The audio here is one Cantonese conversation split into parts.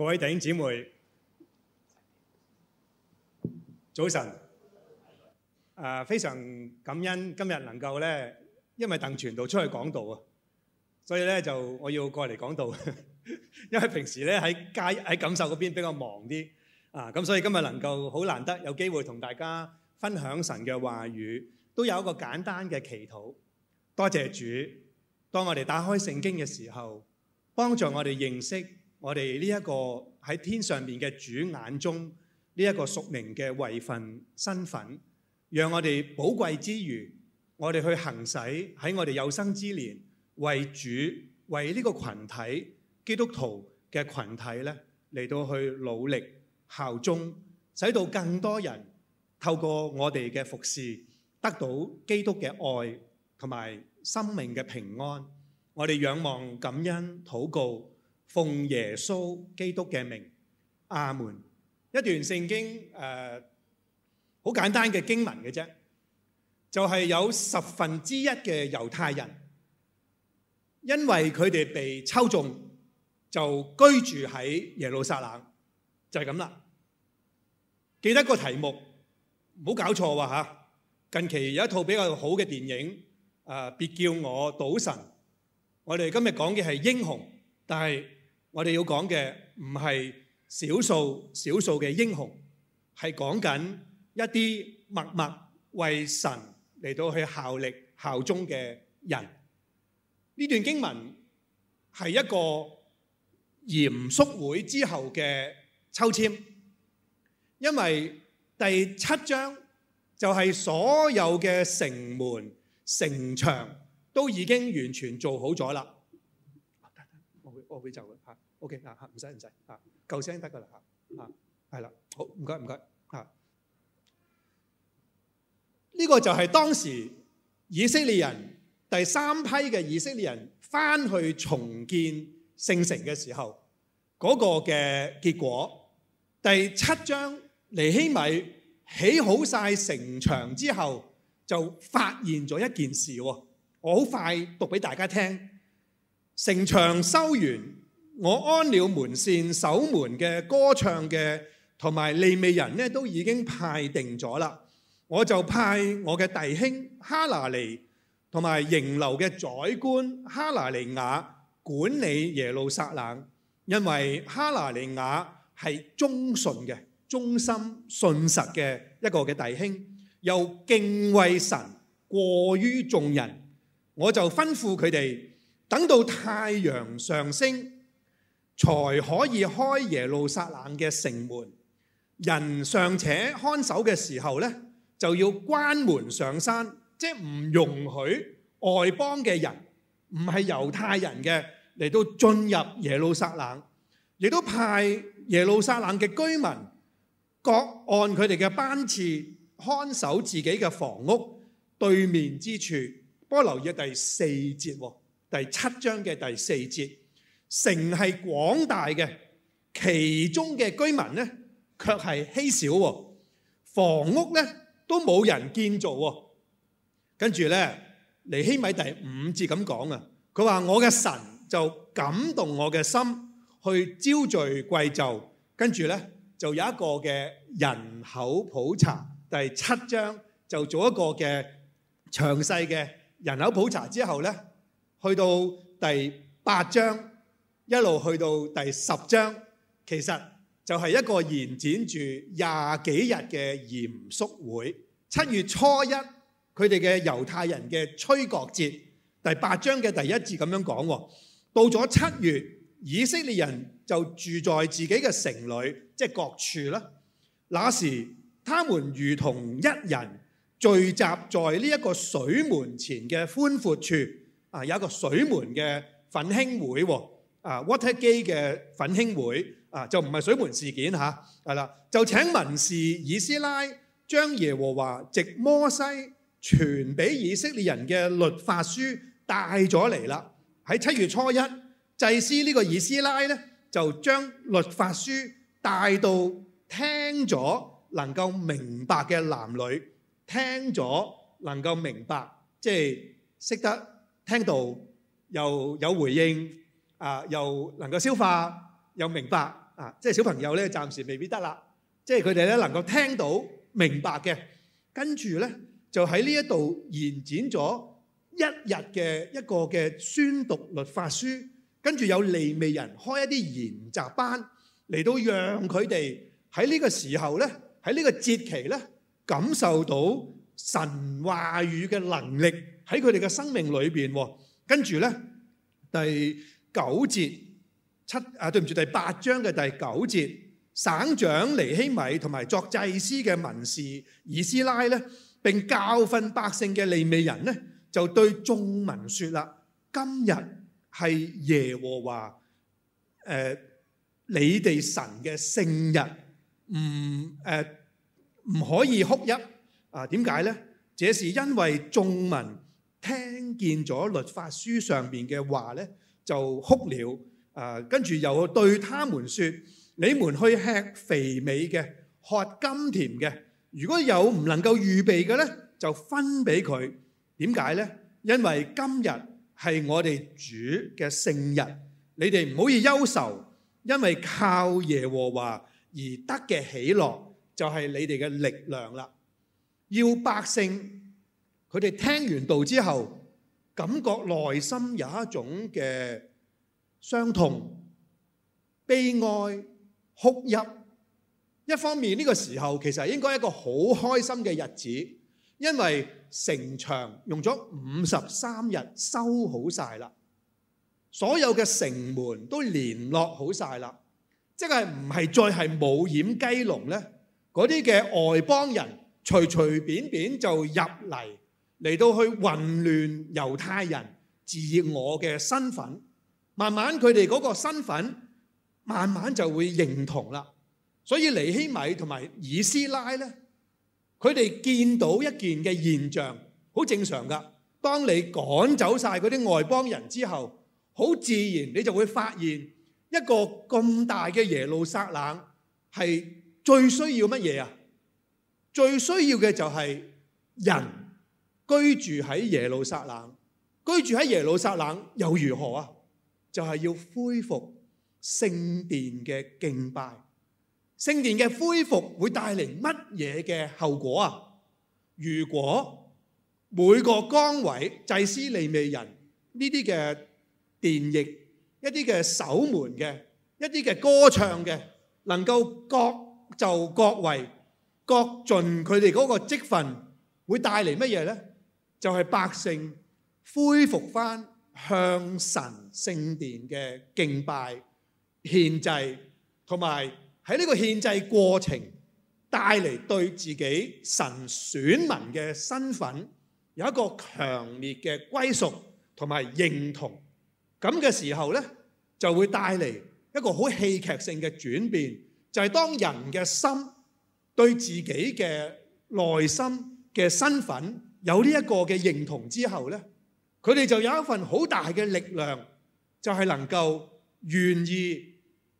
各位弟兄姊妹，早晨。啊，非常感恩今日能夠咧，因為鄧傳道出去講道啊，所以咧就我要過嚟講道。因為平時咧喺街喺感受嗰邊比較忙啲啊，咁所以今日能夠好難得有機會同大家分享神嘅話語，都有一個簡單嘅祈禱。多謝主，當我哋打開聖經嘅時候，幫助我哋認識。我哋呢一個喺天上邊嘅主眼中，呢一個屬靈嘅位份身份，讓我哋寶貴之餘，我哋去行使喺我哋有生之年，為主為呢個群體基督徒嘅群體咧，嚟到去努力效忠，使到更多人透過我哋嘅服侍，得到基督嘅愛同埋生命嘅平安。我哋仰望感恩禱告。奉耶穌基督嘅名，阿門。一段聖經誒，好簡單嘅經文嘅啫，就係有十分之一嘅猶太人，因為佢哋被抽中，就居住喺耶路撒冷，就係咁啦。記得個題目，唔好搞錯喎嚇。近期有一套比較好嘅電影，誒別叫我賭神。我哋今日講嘅係英雄，但係。我哋要講嘅唔係少數少數嘅英雄，係講緊一啲默默為神嚟到去效力效忠嘅人。呢段經文係一個嚴肅會之後嘅抽籤，因為第七章就係所有嘅城門、城牆都已經完全做好咗啦。我會走的 okay, 就嘅嚇，OK 嗱嚇，唔使唔使嚇，夠聲得噶啦嚇嚇，係啦，好唔該唔該嚇，呢、這個就係當時以色列人第三批嘅以色列人翻去重建聖城嘅時候嗰、那個嘅結果。第七章尼希米起好晒城牆之後，就發現咗一件事喎，我好快讀俾大家聽。城牆修完，我安了門扇，守門的、歌唱的、同埋利未人呢都已經派定咗啦。我就派我的弟兄哈拿尼，同埋營樓的宰官哈拿尼雅，管理耶路撒冷。因為哈拿尼雅是忠信的、忠心、信實的一個弟兄，又敬畏神，過於眾人。我就吩咐他們，等到太陽上升，才可以開耶路撒冷嘅城門。人尚且看守嘅時候呢，就要關門上山，即係唔容許外邦嘅人，唔係猶太人嘅嚟到進入耶路撒冷。亦都派耶路撒冷嘅居民各按佢哋嘅班次看守自己嘅房屋對面之處。不留意第四節。第七章嘅第四節，城係廣大嘅，其中嘅居民咧卻係稀少，房屋咧都冇人建造喎。跟住咧，尼希米第五節咁講啊，佢話我嘅神就感動我嘅心，去招聚貴胄。」跟住咧就有一個嘅人口普查，第七章就做一個嘅詳細嘅人口普查之後咧。去到第八章，一路去到第十章，其實就係一個延展住廿幾日嘅嚴肅會。七月初一，佢哋嘅猶太人嘅吹角節。第八章嘅第一節咁樣講喎，到咗七月，以色列人就住在自己嘅城裏，即係各處啦。那時，他們如同一人聚集在呢一個水門前嘅寬闊處。啊，有一個水門嘅奮興會啊，Watergate 嘅奮興會啊，就唔係水門事件嚇，係啦，就請文士以斯拉將耶和華藉摩西傳俾以色列人嘅律法書帶咗嚟啦。喺七月初一，祭司呢個以斯拉咧就將律法書帶到聽咗能夠明白嘅男女，聽咗能夠明白，即係識得。聽到又有回應啊、呃，又能夠消化又明白啊，即係小朋友咧暫時未必得啦。即係佢哋咧能夠聽到明白嘅，跟住咧就喺呢一度延展咗一日嘅一個嘅宣讀律法書，跟住有利未人開一啲研習班嚟到讓佢哋喺呢個時候咧，喺呢個節期咧感受到神話語嘅能力。喺佢哋嘅生命裏邊，跟住咧第九節七啊，對唔住，第八章嘅第九節，省長尼希米同埋作祭司嘅文士以斯拉咧，並教訓百姓嘅利未人呢，就對眾民説啦：今日係耶和華誒、呃、你哋神嘅聖日，唔誒唔可以哭泣啊？點解咧？這是因為眾民，聽見咗律法書上邊嘅話呢，就哭了啊！跟住又對他們說：你們去吃肥美嘅，喝甘甜嘅。如果有唔能夠預備嘅呢，就分俾佢。點解呢？因為今日係我哋主嘅聖日，你哋唔可以憂愁，因為靠耶和華而得嘅喜樂就係你哋嘅力量啦。要百姓。佢哋聽完道之後，感覺內心有一種嘅傷痛、悲哀、哭泣。一方面，呢個時候其實應該係一個好開心嘅日子，因為城牆用咗五十三日修好曬啦，所有嘅城門都聯絡好曬啦，即係唔係再係冇掩雞籠呢？嗰啲嘅外邦人隨隨便便就入嚟。嚟到去混亂猶太人自我嘅身份，慢慢佢哋嗰個身份，慢慢就會認同啦。所以尼希米同埋以斯拉咧，佢哋見到一件嘅現象，好正常㗎。當你趕走晒嗰啲外邦人之後，好自然你就會發現一個咁大嘅耶路撒冷係最需要乜嘢啊？最需要嘅就係人。居住喺耶路撒冷，居住喺耶路撒冷又如何啊？就係要恢復聖殿嘅敬拜，聖殿嘅恢復會帶嚟乜嘢嘅後果啊？如果每個崗位祭司、利未人呢啲嘅殿役，一啲嘅守門嘅，一啲嘅歌唱嘅，能夠各就各位，各盡佢哋嗰個職份，會帶嚟乜嘢咧？就係、是、百姓恢復返向神聖殿嘅敬拜、獻祭，同埋喺呢個獻祭過程帶嚟對自己神選民嘅身份有一個強烈嘅歸屬同埋認同。咁嘅時候呢，就會帶嚟一個好戲劇性嘅轉變，就係、是、當人嘅心對自己嘅內心嘅身份。有呢一個嘅認同之後呢，佢哋就有一份好大嘅力量，就係能夠願意，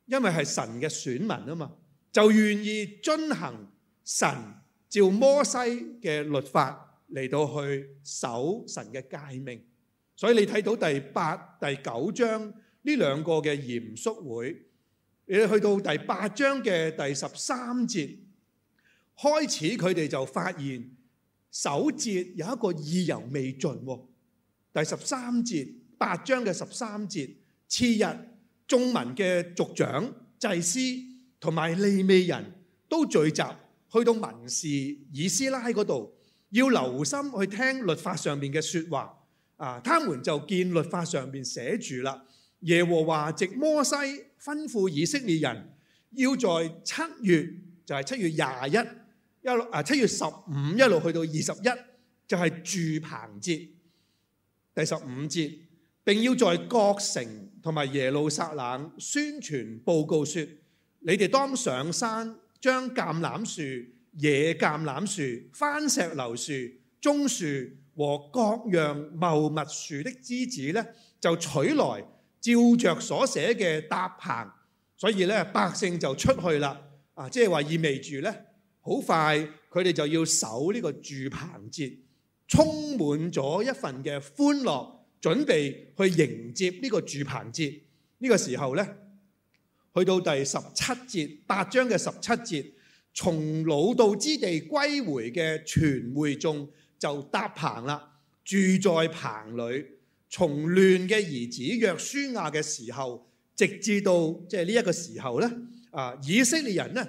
因為係神嘅選民啊嘛，就願意遵行神照摩西嘅律法嚟到去守神嘅誡命。所以你睇到第八、第九章呢兩個嘅嚴肅會，你去到第八章嘅第十三節開始，佢哋就發現。首節有一個意猶未盡，第十三節八章嘅十三節，次日眾民嘅族長、祭司同埋利未人都聚集去到文士以斯拉嗰度，要留心去聽律法上面嘅説話。啊，他們就見律法上面寫住啦，耶和華藉摩西吩咐以色列人要在七月，就係、是、七月廿一。一啊七月十五一路去到二十一就係、是、住棚節第十五節，並要在各城同埋耶路撒冷宣傳報告說：你哋當上山將橄欖樹、野橄欖樹、番石榴樹、棕樹和各樣茂密樹的枝子咧，就取來照着所寫嘅搭棚。所以咧，百姓就出去了啊，即係話意味住咧。好快佢哋就要守呢個住棚節，充滿咗一份嘅歡樂，準備去迎接呢個住棚節。呢個時候呢，去到第十七節八章嘅十七節，從擄到之地歸回嘅全會眾就搭棚啦，住在棚裏。從嫩嘅兒子約書亞嘅時候，直至到即係呢一個時候呢，啊，以色列人呢。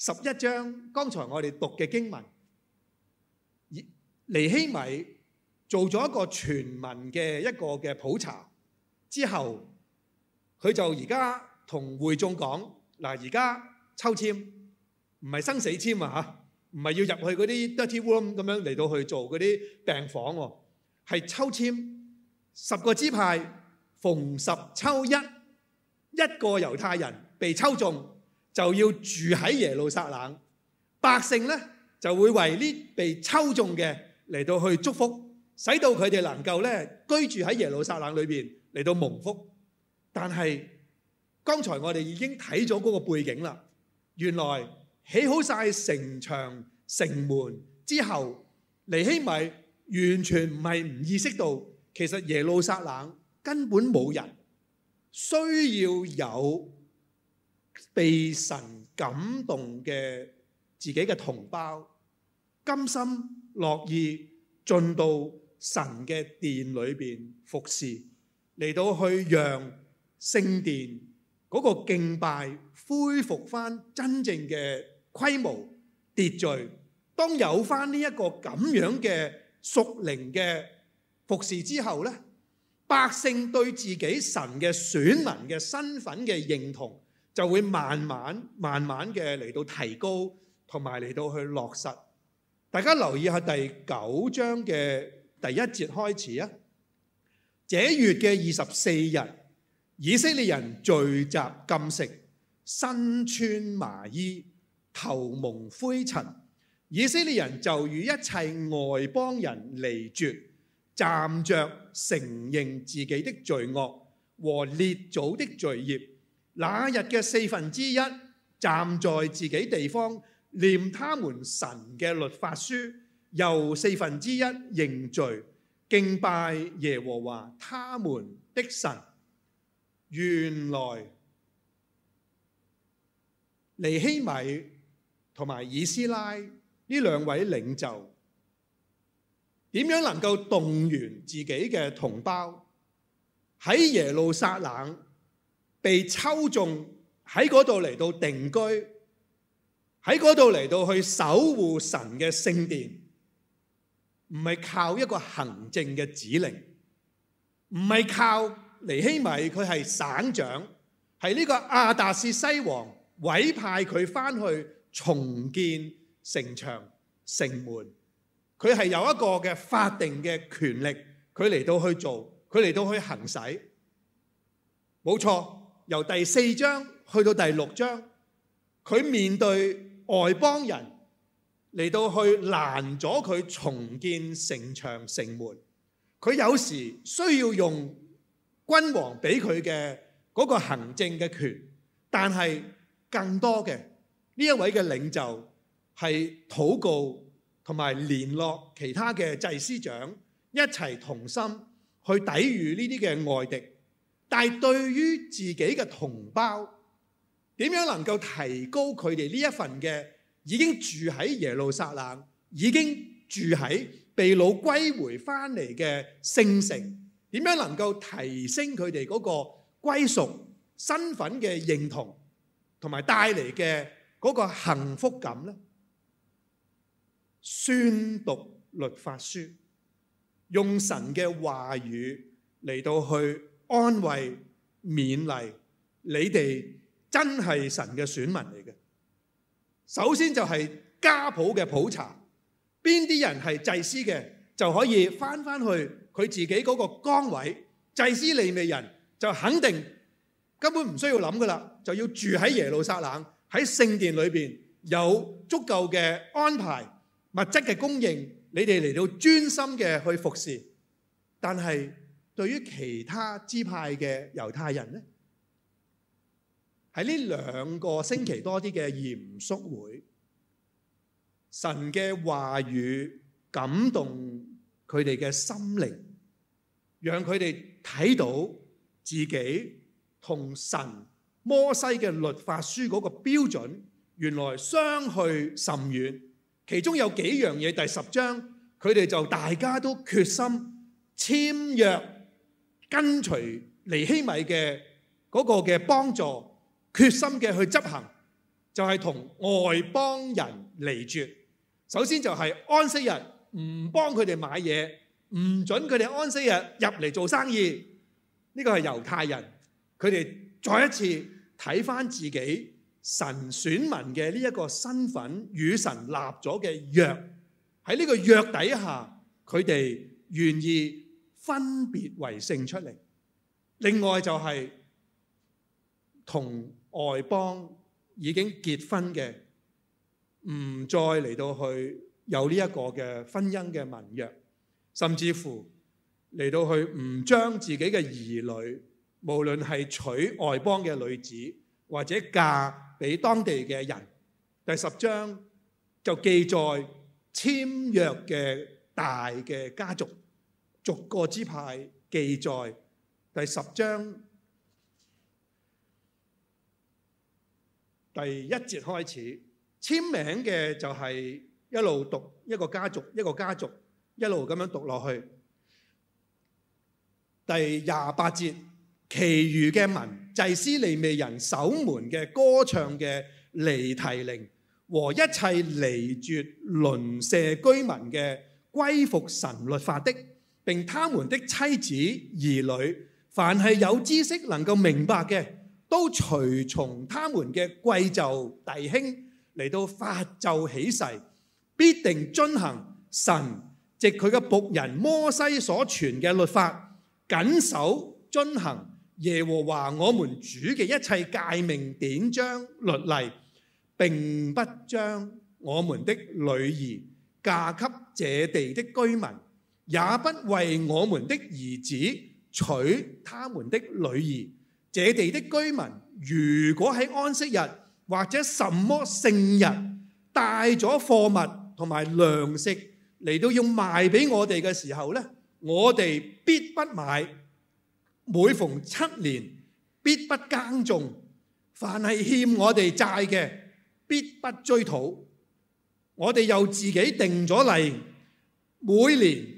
十一章，剛才我哋讀嘅經文，尼希米做咗一個全民嘅一個嘅普查，之後佢就而家同會眾講，嗱，而家抽籤，唔係生死籤啊嚇，唔係要入去嗰啲 dirty room 咁樣嚟到去做嗰啲病房喎，係抽籤，十個支派逢十抽一，一個猶太人被抽中。就要住喺耶路撒冷，百姓呢就會為呢被抽中嘅嚟到去祝福，使到佢哋能夠呢居住喺耶路撒冷裏邊嚟到蒙福。但係剛才我哋已經睇咗嗰個背景啦，原來起好晒城牆、城門之後，尼希米完全唔係唔意識到，其實耶路撒冷根本冇人需要有。被神感動嘅自己嘅同胞，甘心樂意進到神嘅殿裏邊服侍，嚟到去讓聖殿嗰個敬拜恢復翻真正嘅規模秩序。當有翻呢一個咁樣嘅屬靈嘅服侍之後咧，百姓對自己神嘅選民嘅身份嘅認同，就會慢慢、慢慢嘅嚟到提高，同埋嚟到去落實。大家留意下第九章嘅第一節開始啊，這月嘅二十四日，以色列人聚集禁食，身穿麻衣，頭蒙灰塵。以色列人就與一切外邦人離絕，站着承認自己的罪惡和列祖的罪孽。那日嘅四分之一站在自己地方念他們神嘅律法書，又四分之一認罪敬拜耶和華他們的神。原來尼希米同埋以斯拉呢兩位領袖點樣能夠動員自己嘅同胞喺耶路撒冷？被抽中喺嗰度嚟到定居，喺嗰度嚟到去守護神嘅聖殿，唔係靠一個行政嘅指令，唔係靠尼希米佢係省長，係呢個亞達薛西王委派佢翻去重建城牆、城門，佢係有一個嘅法定嘅權力，佢嚟到去做，佢嚟到去行使，冇錯。由第四章去到第六章，佢面對外邦人嚟到去攔咗佢重建城牆城門。佢有時需要用君王俾佢嘅嗰個行政嘅權，但係更多嘅呢一位嘅領袖係禱告同埋聯絡其他嘅祭司長，一齊同心去抵禦呢啲嘅外敵。但對於自己嘅同胞，點樣能夠提高佢哋呢一份嘅已經住喺耶路撒冷、已經住喺被擄歸回翻嚟嘅聖城，點樣能夠提升佢哋嗰個歸屬身份嘅認同，同埋帶嚟嘅嗰個幸福感呢？宣讀律法書，用神嘅話語嚟到去。安慰勉勵你哋，真係神嘅選民嚟嘅。首先就係家譜嘅普查，邊啲人係祭司嘅，就可以返返去佢自己嗰個崗位。祭司利未人就肯定根本唔需要諗㗎喇，就要住喺耶路撒冷，喺聖殿裏邊有足夠嘅安排，物質嘅供應，你哋嚟到專心嘅去服侍，但係。對於其他支派嘅猶太人咧，喺呢兩個星期多啲嘅嚴肅會，神嘅話語感動佢哋嘅心靈，讓佢哋睇到自己同神摩西嘅律法書嗰個標準，原來相去甚遠。其中有幾樣嘢，第十章，佢哋就大家都決心簽約。跟隨尼希米嘅嗰個嘅幫助，決心嘅去執行，就係同外邦人離絕。首先就係安息日唔幫佢哋買嘢，唔准佢哋安息日入嚟做生意。呢個係猶太人，佢哋再一次睇返自己神選民嘅呢一個身份，與神立咗嘅約喺呢個約底下，佢哋願意。分別為聖出嚟，另外就係同外邦已經結婚嘅，唔再嚟到去有呢一個嘅婚姻嘅盟約，甚至乎嚟到去唔將自己嘅兒女，無論係娶外邦嘅女子或者嫁俾當地嘅人。第十章就記載簽約嘅大嘅家族。逐個支派，記載第十章第一節開始簽名嘅，就係一路讀，一個家族一個家族一路咁樣讀落去，第廿八節，其餘嘅民，祭司、利未人、守門嘅、歌唱嘅、尼提寧，和一切離絕鄰舍居民嘅，歸服神律法的。並他們的妻子兒女，凡係有知識能夠明白嘅，都隨從他們嘅貴就弟兄嚟到發咒起誓，必定遵行神藉佢嘅僕人摩西所傳嘅律法，謹守遵行耶和華我們主嘅一切誡命典章律例，並不將我們的女兒嫁給這地的居民。也不為我們的兒子娶他們的女兒，這地的居民，如果喺安息日，或者什麼聖日，帶咗貨物同埋糧食，嚟到要賣俾我哋嘅時候，呢我哋必不買，每逢七年必不耕種，凡係欠我哋債嘅必不追討，我哋又自己定咗例，每年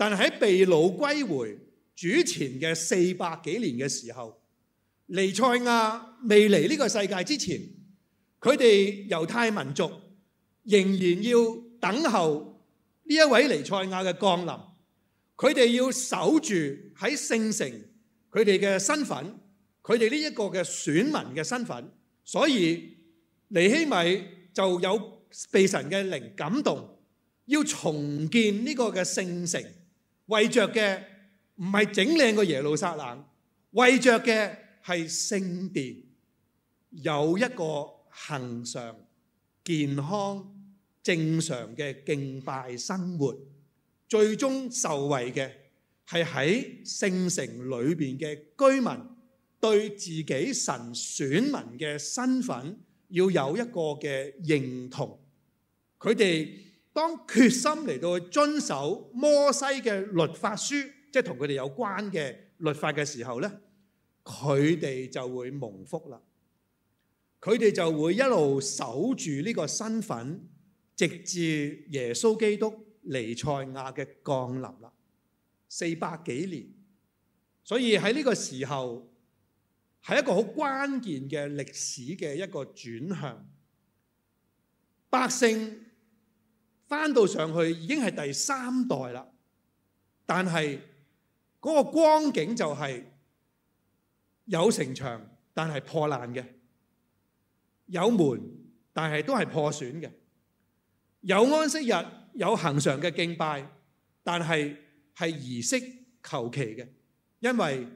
但係喺被擄歸回主前嘅四百幾年嘅時候，彌賽亞未嚟呢個世界之前，佢哋猶太民族仍然要等候呢一位彌賽亞嘅降臨，佢哋要守住喺聖城佢哋嘅身份，佢哋呢一個嘅選民嘅身份，所以尼希米就有被神嘅靈感動，要重建呢個嘅聖城。為着嘅唔係整靚個耶路撒冷，為着嘅係聖殿，有一個恒常、健康、正常嘅敬拜生活。最終受惠嘅係喺聖城裏面嘅居民，對自己神選民嘅身份要有一個嘅認同，佢哋。當決心嚟到去遵守摩西嘅律法書，即係同佢哋有關嘅律法嘅時候咧，佢哋就會蒙福啦。佢哋就會一路守住呢個身份，直至耶穌基督彌賽亞嘅降臨啦。四百幾年，所以喺呢個時候係一個好關鍵嘅歷史嘅一個轉向，百姓。翻到上去已經係第三代啦，但係嗰個光景就係有城牆，但係破爛嘅；有門，但係都係破損嘅；有安息日，有恆常嘅敬拜，但係係儀式求其嘅，因為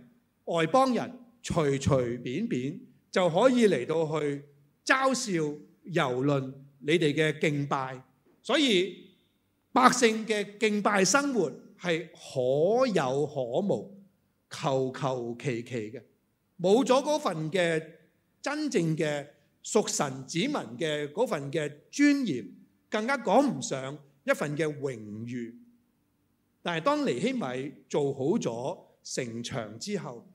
外邦人隨隨便便就可以嚟到去嘲笑、遊論你哋嘅敬拜。所以百姓嘅敬拜生活係可有可無、求求其其嘅，冇咗嗰份嘅真正嘅屬神子民嘅嗰份嘅尊嚴，更加講唔上一份嘅榮譽。但係當尼希米做好咗城牆之後，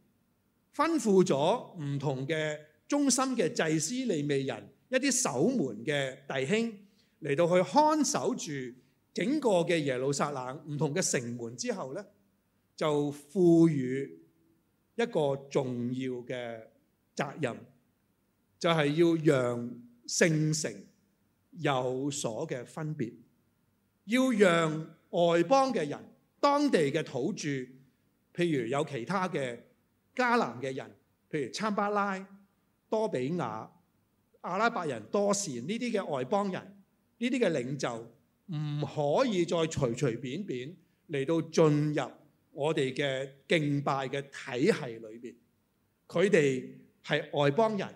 吩咐咗唔同嘅忠心嘅祭司利未人、一啲守門嘅弟兄。嚟到去看守住整個嘅耶路撒冷唔同嘅城門之後咧，就賦予一個重要嘅責任，就係要讓聖城有所嘅分別，要讓外邦嘅人、當地嘅土著，譬如有其他嘅迦南嘅人，譬如參巴拉、多比亞、阿拉伯人、多士呢啲嘅外邦人。呢啲嘅領袖唔可以再隨隨便便嚟到進入我哋嘅敬拜嘅體系裏邊，佢哋係外邦人，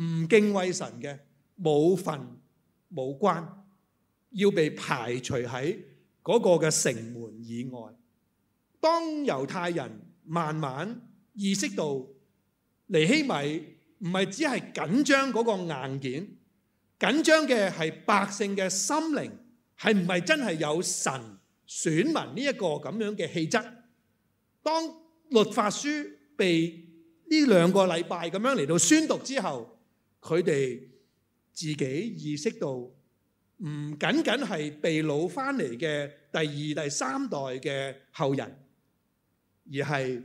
唔敬畏神嘅，冇份冇關，要被排除喺嗰個嘅城門以外。當猶太人慢慢意識到尼希米唔係只係緊張嗰個硬件。緊張嘅係百姓嘅心靈係唔係真係有神選民呢一個咁樣嘅氣質？當律法書被呢兩個禮拜咁樣嚟到宣讀之後，佢哋自己意識到唔僅僅係被擄翻嚟嘅第二、第三代嘅後人，而係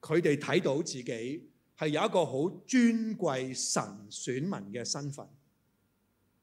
佢哋睇到自己係有一個好尊貴神選民嘅身份。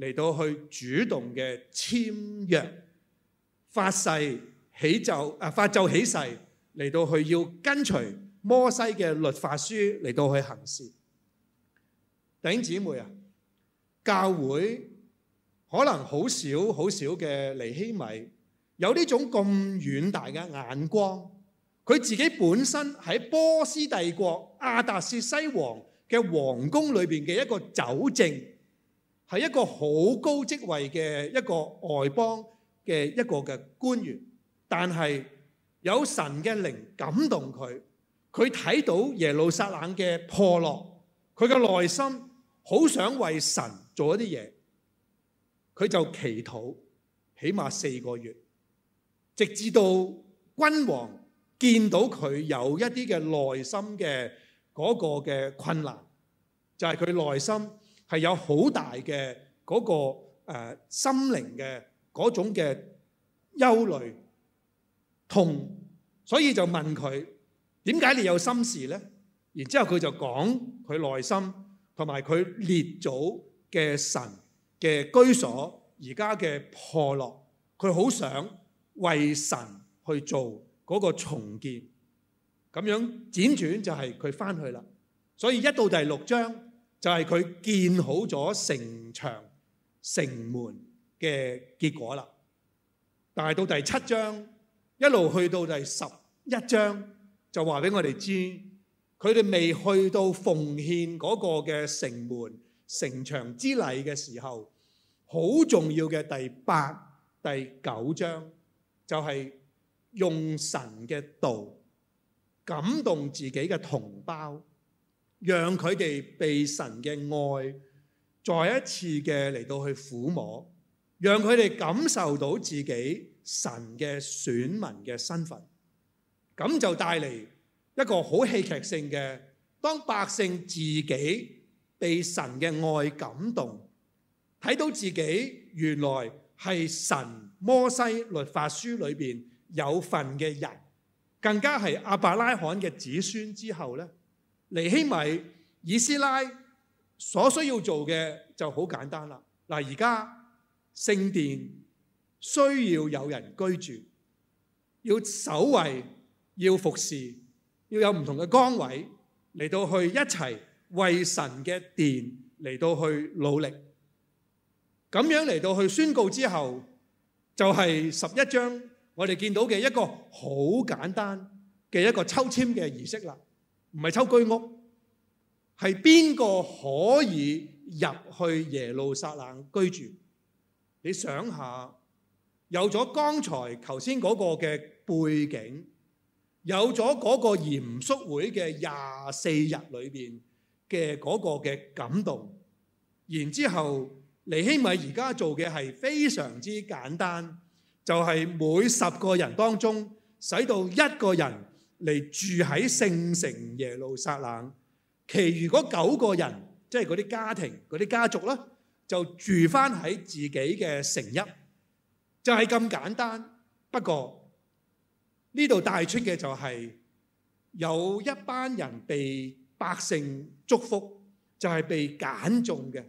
嚟到去主動嘅簽約、發誓、起就啊發就起誓，嚟到去要跟隨摩西嘅律法書嚟到去行事。弟兄姊妹啊，教會可能好少好少嘅尼希米有呢種咁遠大嘅眼光，佢自己本身喺波斯帝國亞達薛西王嘅皇宮裏邊嘅一個酒政。係一個好高職位嘅一個外邦嘅一個嘅官員，但係有神嘅靈感動佢，佢睇到耶路撒冷嘅破落，佢嘅內心好想為神做一啲嘢，佢就祈禱，起碼四個月，直至到君王見到佢有一啲嘅內心嘅嗰個嘅困難，就係佢內心。係有好大嘅嗰個誒心靈嘅嗰種嘅憂慮，同所以就問佢點解你有心事呢？然之後佢就講佢內心同埋佢列祖嘅神嘅居所而家嘅破落，佢好想為神去做嗰個重建。咁樣輾轉就係佢返去啦。所以一到第六章。就係佢建好咗城牆、城門嘅結果啦。但係到第七章，一路去到第十一章，就話俾我哋知，佢哋未去到奉獻嗰個嘅城門、城牆之禮嘅時候，好重要嘅第八、第九章，就係用神嘅道，感動自己嘅同胞。讓佢哋被神嘅愛再一次嘅嚟到去撫摸，讓佢哋感受到自己神嘅選民嘅身份。噉就帶嚟一個好戲劇性嘅，當百姓自己被神嘅愛感動，睇到自己原來係神摩西律法書裏面有份嘅人，更加係阿伯拉罕嘅子孫之後呢，尼希米以斯拉所需要做嘅就好簡單啦。嗱，而家聖殿需要有人居住，要守衛，要服侍，要有唔同嘅崗位嚟到去一齊為神嘅殿嚟到去努力。咁樣嚟到去宣告之後，就係十一章我哋見到嘅一個好簡單嘅一個抽簽嘅儀式啦。唔係抽居屋，係邊個可以入去耶路撒冷居住？你想下，有咗剛才頭先嗰個嘅背景，有咗嗰個嚴肅會嘅廿四日裏邊嘅嗰個嘅感動，然之後尼希米而家做嘅係非常之簡單，就係每十個人當中使到一個人。嚟住喺聖城耶路撒冷，其餘嗰九個人，即係嗰啲家庭、嗰啲家族咧，就住翻喺自己嘅城邑，就係咁簡單。不過呢度帶出嘅就係有一班人被百姓祝福，就係被揀中嘅，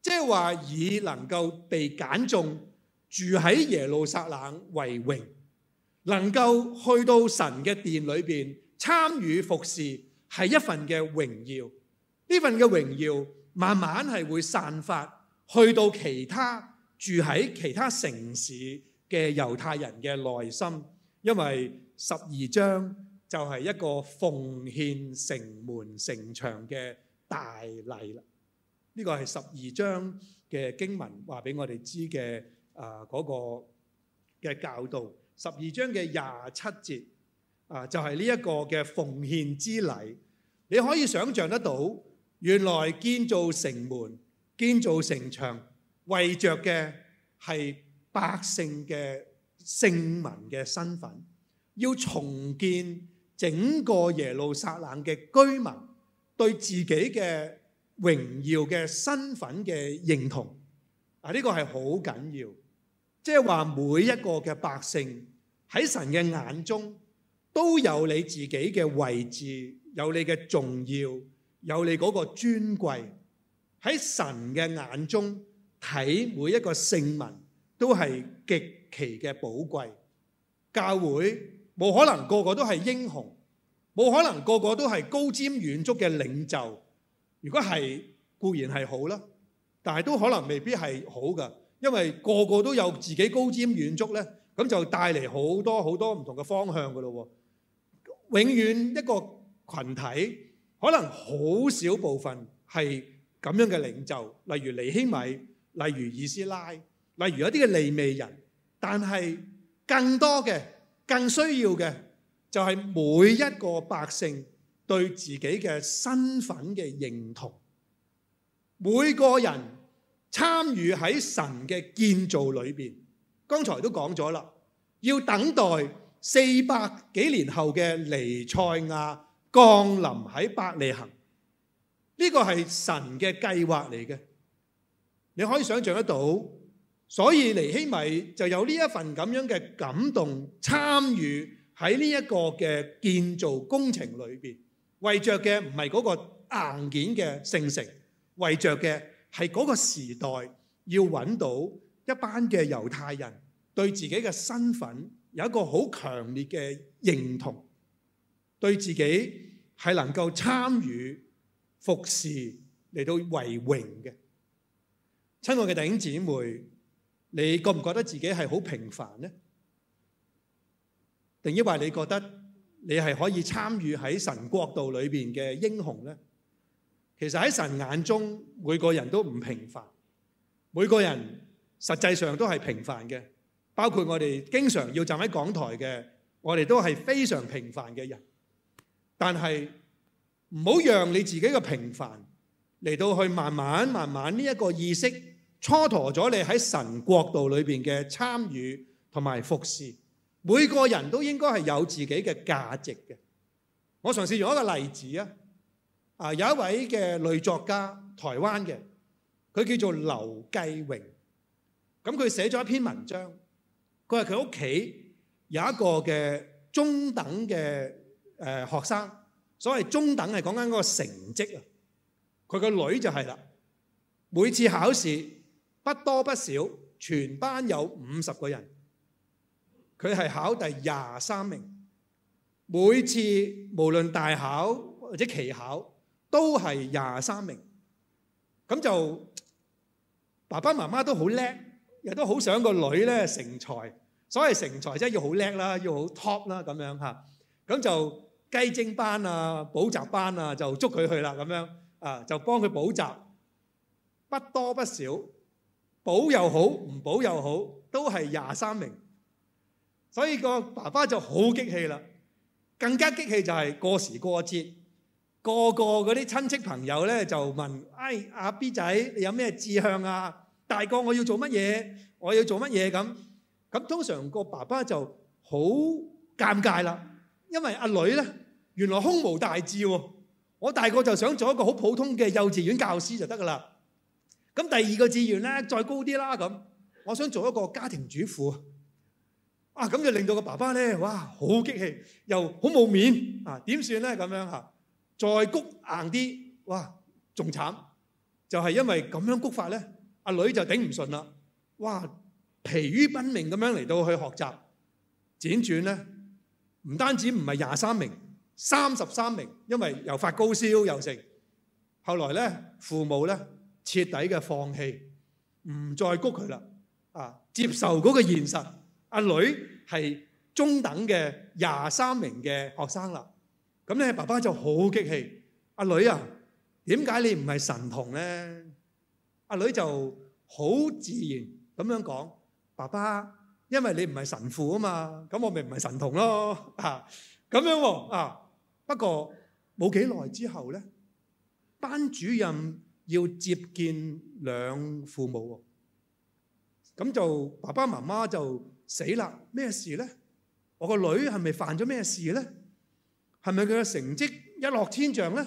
即係話以能夠被揀中住喺耶路撒冷為榮。能夠去到神嘅殿裏邊參與服侍，係一份嘅榮耀。呢份嘅榮耀慢慢係會散發去到其他住喺其他城市嘅猶太人嘅內心，因為十二章就係一個奉獻城門城牆嘅大禮啦。呢個係十二章嘅經文話俾我哋知嘅啊嗰個嘅教導。十二章嘅廿七節啊，就係呢一個嘅奉獻之禮。你可以想象得到，原來建造城門、建造城牆，為着嘅係百姓嘅聖民嘅身份，要重建整個耶路撒冷嘅居民對自己嘅榮耀嘅身份嘅認同。啊，呢個係好緊要，即係話每一個嘅百姓。喺神嘅眼中都有你自己嘅位置，有你嘅重要，有你嗰個尊貴。喺神嘅眼中睇每一個聖民都係極其嘅寶貴。教會冇可能個個都係英雄，冇可能個個都係高瞻遠矚嘅領袖。如果係固然係好啦，但係都可能未必係好噶，因為個個都有自己高瞻遠矚咧。咁就帶嚟好多好多唔同嘅方向嘅咯喎，永遠一個羣體可能好少部分係咁樣嘅領袖，例如尼希米，例如以斯拉，例如一啲嘅利未人。但係更多嘅、更需要嘅就係每一個百姓對自己嘅身份嘅認同，每個人參與喺神嘅建造裏邊。剛才都講咗啦，要等待四百幾年後嘅彌賽亞降臨喺伯利恆，呢個係神嘅計劃嚟嘅。你可以想象得到，所以尼希米就有呢一份咁樣嘅感動，參與喺呢一個嘅建造工程裏邊。為著嘅唔係嗰個硬件嘅聖城，為著嘅係嗰個時代要揾到。一班嘅猶太人對自己嘅身份有一個好強烈嘅認同，對自己係能夠參與服侍嚟到為榮嘅。親愛嘅弟兄姊妹，你覺唔覺得自己係好平凡呢？定抑或你覺得你係可以參與喺神國度裏邊嘅英雄呢？其實喺神眼中，每個人都唔平凡，每個人。實際上都係平凡嘅，包括我哋經常要站喺港台嘅，我哋都係非常平凡嘅人。但係唔好讓你自己嘅平凡嚟到去慢慢慢慢呢一個意識蹉跎咗你喺神國度裏面嘅參與同埋服侍，每個人都應該係有自己嘅價值嘅。我嘗試用一個例子啊，啊有一位嘅女作家，台灣嘅，佢叫做劉繼榮。咁佢寫咗一篇文章，佢話佢屋企有一個嘅中等嘅誒學生，所謂中等係講緊嗰個成績啊。佢個女就係啦，每次考試不多不少，全班有五十個人，佢係考第廿三名。每次無論大考或者期考都係廿三名，咁就爸爸媽媽都好叻。又都好想個女咧成才，所謂成才真係要好叻啦，要好 top 啦咁樣吓，咁就雞精班啊、補習班啊，就捉佢去啦咁樣啊，就幫佢補習，不多不少，補又好，唔補又好，都係廿三名，所以個爸爸就好激氣啦，更加激氣就係過時過節，個個嗰啲親戚朋友咧就問：哎，阿 B 仔，你有咩志向啊？大個我要做乜嘢？我要做乜嘢咁？咁通常個爸爸就好尷尬啦，因為阿女咧原來胸無大志喎，我大個就想做一個好普通嘅幼稚園教師就得噶啦。咁第二個志願咧再高啲啦咁，我想做一個家庭主婦啊，咁就令到個爸爸咧哇好激氣，又好冇面啊，點算咧咁樣吓？再谷硬啲，哇仲慘！就係因為咁樣谷法咧。阿女就頂唔順啦，哇！疲於奔命咁樣嚟到去學習，輾轉咧，唔單止唔係廿三名，三十三名，因為又發高燒又剩。後來咧，父母咧徹底嘅放棄，唔再谷佢啦。啊，接受嗰個現實，阿女係中等嘅廿三名嘅學生啦。咁咧，爸爸就好激氣，阿女啊，點解你唔係神童咧？阿女就好自然咁樣講，爸爸，因為你唔係神父啊嘛，咁我咪唔係神童咯，啊，咁樣喎，啊，啊，不過冇幾耐之後咧，班主任要接見兩父母，咁就爸爸媽媽就死啦，咩事咧？我個女係咪犯咗咩事咧？係咪佢嘅成績一落千丈咧？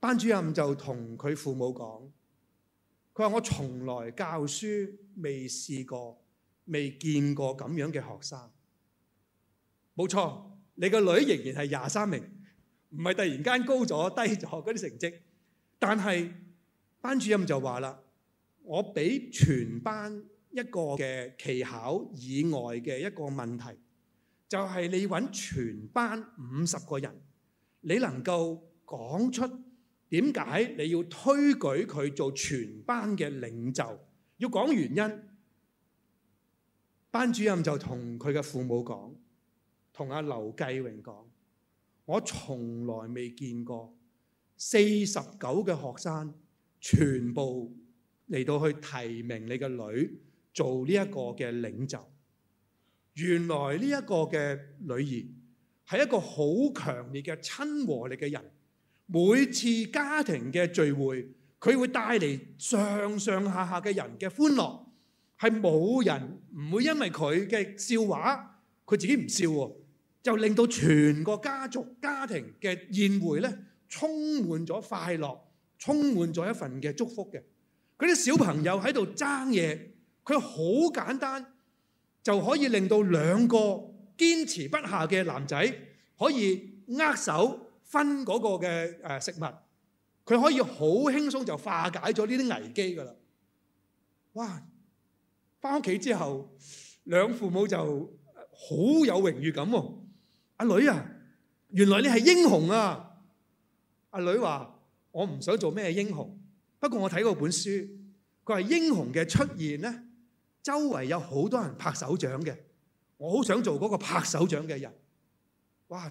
班主任就同佢父母講。佢話：我從來教書未試過、未見過咁樣嘅學生。冇錯，你個女仍然係廿三名，唔係突然間高咗、低咗嗰啲成績。但係班主任就話啦，我俾全班一個嘅期考以外嘅一個問題，就係、是、你揾全班五十個人，你能夠講出。點解你要推舉佢做全班嘅領袖？要講原因，班主任就同佢嘅父母講，同阿劉繼榮講：我從來未見過四十九嘅學生全部嚟到去提名你嘅女做呢一個嘅領袖。原來呢一個嘅女兒係一個好強烈嘅親和力嘅人。每次家庭嘅聚會，佢會帶嚟上上下下嘅人嘅歡樂，係冇人唔會因為佢嘅笑話，佢自己唔笑喎，就令到全個家族家庭嘅宴會咧充滿咗快樂，充滿咗一份嘅祝福嘅。佢啲小朋友喺度爭嘢，佢好簡單就可以令到兩個堅持不下嘅男仔可以握手。分嗰個嘅食物，佢可以好輕鬆就化解咗呢啲危機㗎啦！哇，翻屋企之後，兩父母就好有榮譽感喎。阿女啊，原來你係英雄啊！阿女話：我唔想做咩英雄，不過我睇過本書，佢係英雄嘅出現咧，周圍有好多人拍手掌嘅，我好想做嗰個拍手掌嘅人。哇！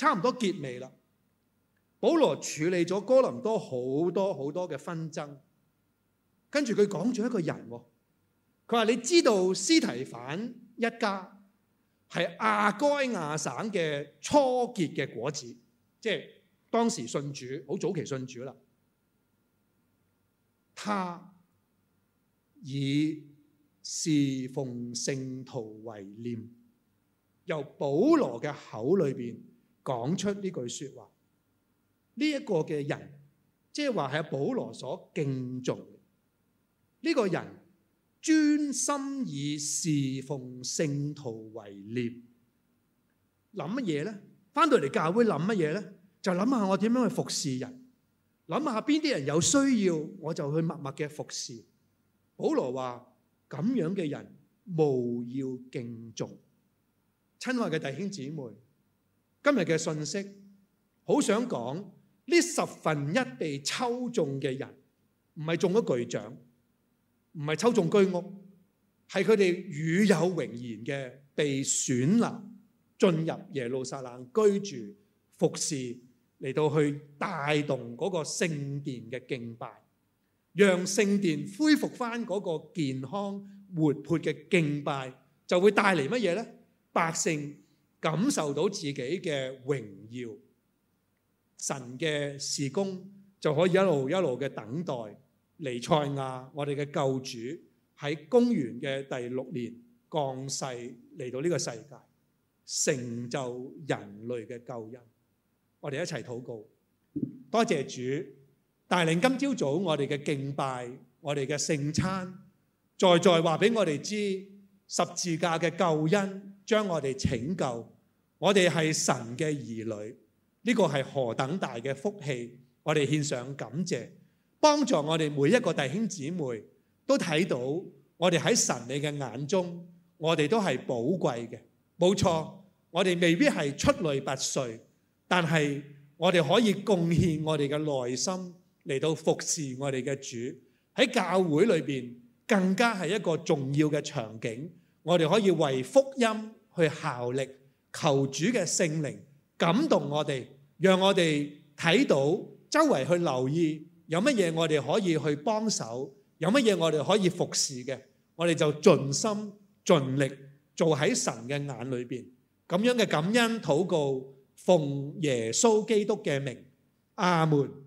差唔多結尾啦。保羅處理咗哥林多好多好多嘅紛爭，跟住佢講咗一個人佢話：他說你知道司提反一家係亞該亞省嘅初結嘅果子，即係當時信主好早期信主啦。他以侍奉聖徒為念，由保羅嘅口裏邊。講出呢句說話，呢一個嘅人，即係話係阿保羅所敬重。呢個人專心以侍奉聖徒為念，諗乜嘢咧？翻到嚟教會諗乜嘢咧？就諗下我點樣去服侍人，諗下邊啲人有需要，我就去默默嘅服侍。保羅話：咁樣嘅人，務要敬重。親愛嘅弟兄姊妹。今日嘅信息，好想講呢十分一被抽中嘅人，唔係中咗巨獎，唔係抽中居屋，係佢哋與有榮焉嘅被選立進入耶路撒冷居住服侍，嚟到去帶動嗰個聖殿嘅敬拜，讓聖殿恢復翻嗰個健康活潑嘅敬拜，就會帶嚟乜嘢呢？百姓。感受到自己嘅榮耀，神嘅事工就可以一路一路嘅等待，彌賽亞，我哋嘅救主喺公元嘅第六年降世嚟到呢個世界，成就人類嘅救恩。我哋一齊禱告，多謝主帶領今朝早我哋嘅敬拜，我哋嘅聖餐，再再話俾我哋知十字架嘅救恩。將我哋拯救，我哋係神嘅兒女，呢個係何等大嘅福氣，我哋獻上感謝，幫助我哋每一個弟兄姊妹都睇到，我哋喺神你嘅眼中，我哋都係寶貴嘅，冇錯，我哋未必係出類拔萃，但係我哋可以貢獻我哋嘅內心嚟到服侍我哋嘅主，喺教會裏邊更加係一個重要嘅場景，我哋可以為福音。去效力，求主嘅聖靈感動我哋，讓我哋睇到周圍去留意有乜嘢我哋可以去幫手，有乜嘢我哋可以服侍嘅，我哋就盡心盡力做喺神嘅眼裏邊，咁樣嘅感恩禱告，奉耶穌基督嘅名，阿門。